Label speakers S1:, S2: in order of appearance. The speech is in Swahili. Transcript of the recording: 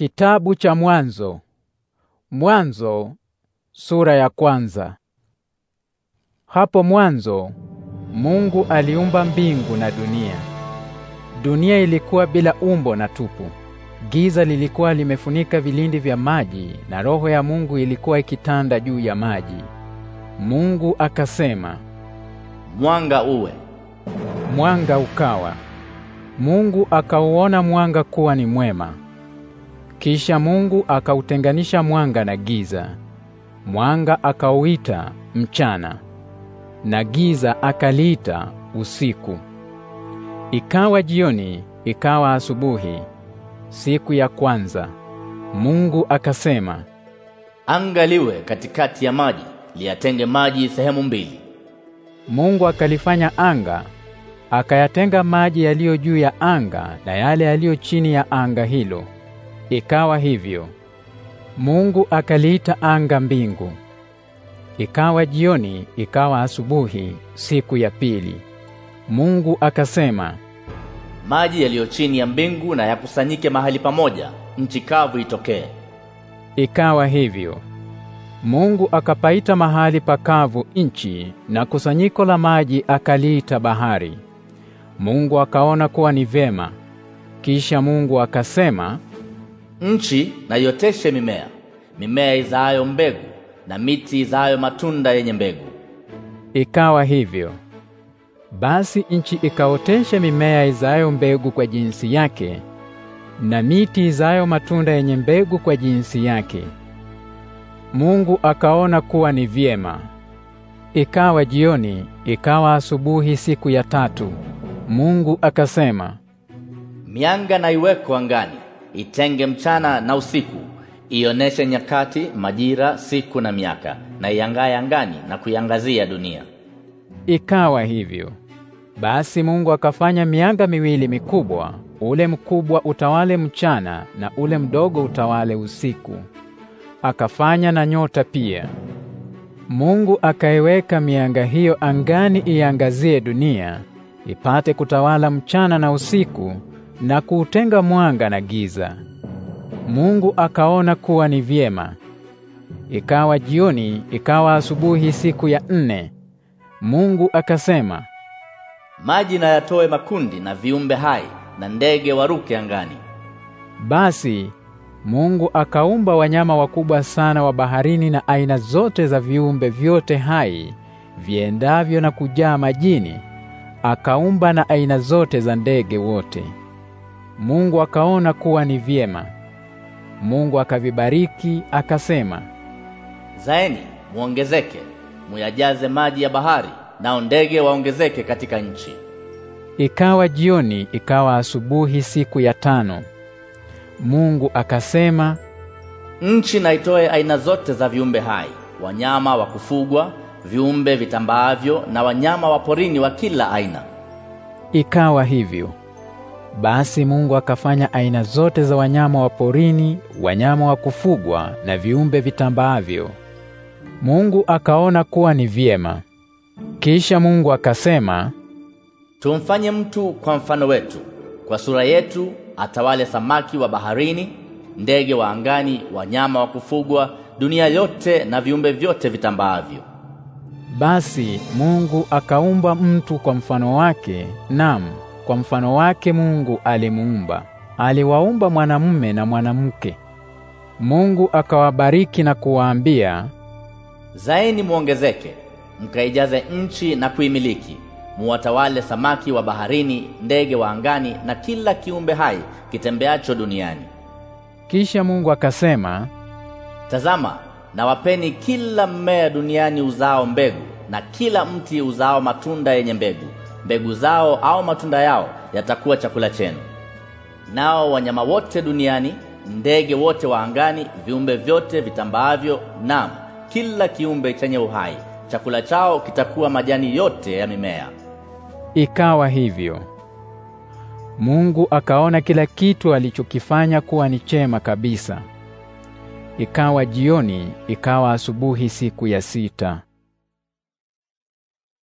S1: Kitabu cha Mwanzo. Mwanzo sura ya kwanza. Hapo mwanzo Mungu aliumba mbingu na dunia. Dunia ilikuwa bila umbo na tupu. Giza lilikuwa limefunika vilindi vya maji na roho ya Mungu ilikuwa ikitanda juu ya maji. Mungu akasema, "Mwanga uwe." Mwanga ukawa. Mungu akauona mwanga kuwa ni mwema. Kisha Mungu akautenganisha mwanga na giza. Mwanga akauita mchana na giza akaliita usiku. Ikawa jioni, ikawa asubuhi, siku ya kwanza. Mungu akasema, anga liwe katikati ya maji,
S2: liyatenge maji sehemu mbili.
S1: Mungu akalifanya anga, akayatenga maji yaliyo juu ya anga na yale yaliyo chini ya anga hilo. Ikawa hivyo. Mungu akaliita anga mbingu. Ikawa jioni, ikawa asubuhi, siku ya pili. Mungu akasema,
S2: maji yaliyo chini ya mbingu na yakusanyike mahali pamoja, nchi kavu itokee.
S1: Ikawa hivyo. Mungu akapaita mahali pakavu nchi, na kusanyiko la maji akaliita bahari. Mungu akaona kuwa ni vema. Kisha Mungu akasema
S2: Nchi na ioteshe mimea, mimea izaayo mbegu na miti izaayo
S1: matunda yenye mbegu. Ikawa hivyo. Basi nchi ikaotesha mimea izaayo mbegu kwa jinsi yake na miti izaayo matunda yenye mbegu kwa jinsi yake. Mungu akaona kuwa ni vyema. Ikawa jioni, ikawa asubuhi siku ya tatu. Mungu akasema,
S2: mianga na iweko angani itenge mchana na usiku ioneshe nyakati majira siku na miaka na iangaye angani na kuiangazia dunia
S1: ikawa hivyo basi Mungu akafanya mianga miwili mikubwa ule mkubwa utawale mchana na ule mdogo utawale usiku akafanya na nyota pia Mungu akaiweka mianga hiyo angani iangazie dunia ipate kutawala mchana na usiku na kuutenga mwanga na giza. Mungu akaona kuwa ni vyema. Ikawa jioni, ikawa asubuhi siku ya nne. Mungu akasema, maji
S2: na yatoe makundi na viumbe hai na ndege waruke angani.
S1: Basi Mungu akaumba wanyama wakubwa sana wa baharini na aina zote za viumbe vyote hai viendavyo na kujaa majini. Akaumba na aina zote za ndege wote. Mungu akaona kuwa ni vyema. Mungu akavibariki akasema,
S2: zaeni muongezeke, muyajaze maji ya bahari, nao ndege waongezeke katika nchi.
S1: Ikawa jioni, ikawa asubuhi, siku ya tano. Mungu akasema,
S2: nchi na itoe aina zote za viumbe hai, wanyama wa kufugwa, viumbe vitambaavyo na wanyama wa porini wa kila aina.
S1: Ikawa hivyo. Basi Mungu akafanya aina zote za wanyama wa porini, wanyama wa kufugwa na viumbe vitambaavyo. Mungu akaona kuwa ni vyema. Kisha Mungu akasema,
S2: tumfanye mtu kwa mfano wetu, kwa sura yetu, atawale samaki wa baharini, ndege wa angani, wanyama wa kufugwa, dunia yote na viumbe vyote vitambaavyo.
S1: Basi Mungu akaumba mtu kwa mfano wake, nam kwa mfano wake Mungu alimuumba, aliwaumba mwanamume na mwanamke. Mungu akawabariki na kuwaambia,
S2: zaeni muongezeke, mkaijaze nchi na kuimiliki, muwatawale samaki wa baharini, ndege wa angani na kila kiumbe hai kitembeacho duniani.
S1: Kisha Mungu akasema,
S2: tazama, nawapeni kila mmea duniani uzao mbegu na kila mti uzao matunda yenye mbegu mbegu zao au matunda yao yatakuwa chakula chenu. Nao wanyama wote duniani, ndege wote wa angani, viumbe vyote vitambaavyo, naam, kila kiumbe chenye uhai, chakula chao kitakuwa majani yote ya mimea.
S1: Ikawa hivyo. Mungu akaona kila kitu alichokifanya kuwa ni chema kabisa. Ikawa jioni, ikawa asubuhi siku ya sita.